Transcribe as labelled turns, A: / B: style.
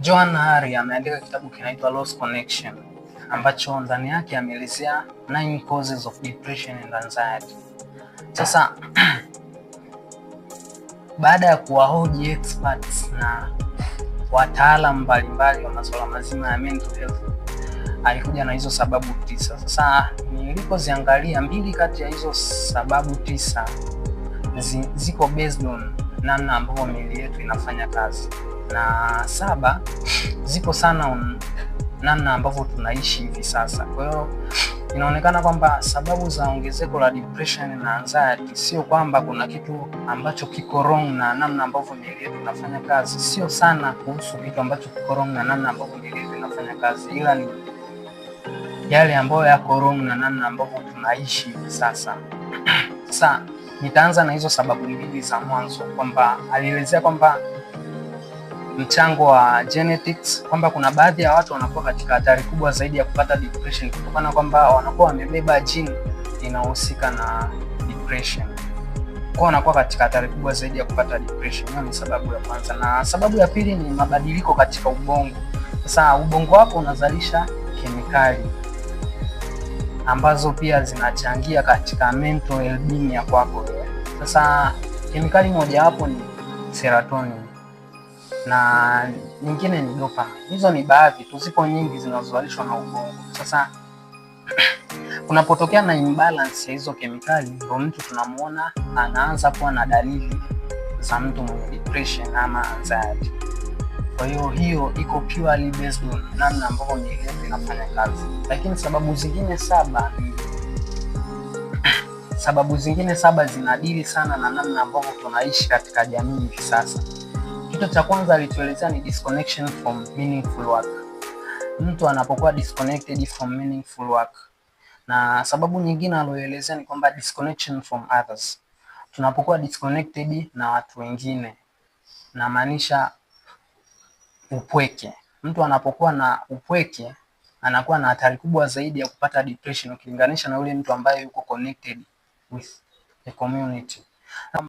A: Joan Hari ameandika kitabu kinaitwa Lost Connection ambacho ndani yake ameelezea nine causes of depression and anxiety. Sasa baada ya kuwahoji experts na wataalamu mbalimbali wa masuala mazima ya mental health, alikuja na hizo sababu tisa. Sasa nilipoziangalia, mbili kati ya hizo sababu tisa ziko based on namna ambavyo miili yetu inafanya kazi na saba ziko sana namna ambavyo tunaishi hivi sasa. Kwa hiyo inaonekana kwamba sababu za ongezeko la depression na anxiety sio kwamba kuna kitu ambacho kiko wrong na namna ambavyo miili yetu inafanya kazi, sio sana kuhusu kitu ambacho kiko wrong na namna ambavyo miili yetu inafanya kazi, ila ni yale ambayo yako wrong na namna ambavyo tunaishi hivi sasa. Sasa nitaanza na hizo sababu mbili za mwanzo, kwamba alielezea kwamba mchango wa genetics kwamba kuna baadhi ya watu wanakuwa katika hatari kubwa zaidi ya kupata depression kutokana kwamba wanakuwa wamebeba gene inahusika na depression. Kwa wanakuwa katika hatari kubwa zaidi ya kupata depression. Hiyo ni sababu ya kwanza, na sababu ya pili ni mabadiliko katika ubongo. Sasa ubongo wako unazalisha kemikali ambazo pia zinachangia katika mental health ya kwako. Sasa kemikali mojawapo ni serotonin na nyingine ni dopamine. Hizo ni baadhi tu, zipo nyingi zinazozalishwa na ubongo. Sasa kunapotokea na imbalance ya hizo kemikali, ndio mtu tunamuona anaanza kuwa na dalili za mtu mwenye depression ama anxiety. Kwa hiyo hiyo iko purely based on namna ambavyo miili inafanya kazi, lakini sababu zingine saba sababu zingine saba zinadili sana na namna ambavyo tunaishi katika jamii hivi sasa. Kitu cha kwanza alichoelezea ni disconnection from meaningful work. Mtu anapokuwa disconnected from meaningful work, na sababu nyingine aloelezea ni kwamba disconnection from others. Tunapokuwa disconnected na watu wengine, namaanisha upweke. Mtu anapokuwa na upweke anakuwa na hatari kubwa zaidi ya kupata depression ukilinganisha na yule mtu ambaye yuko connected with the community.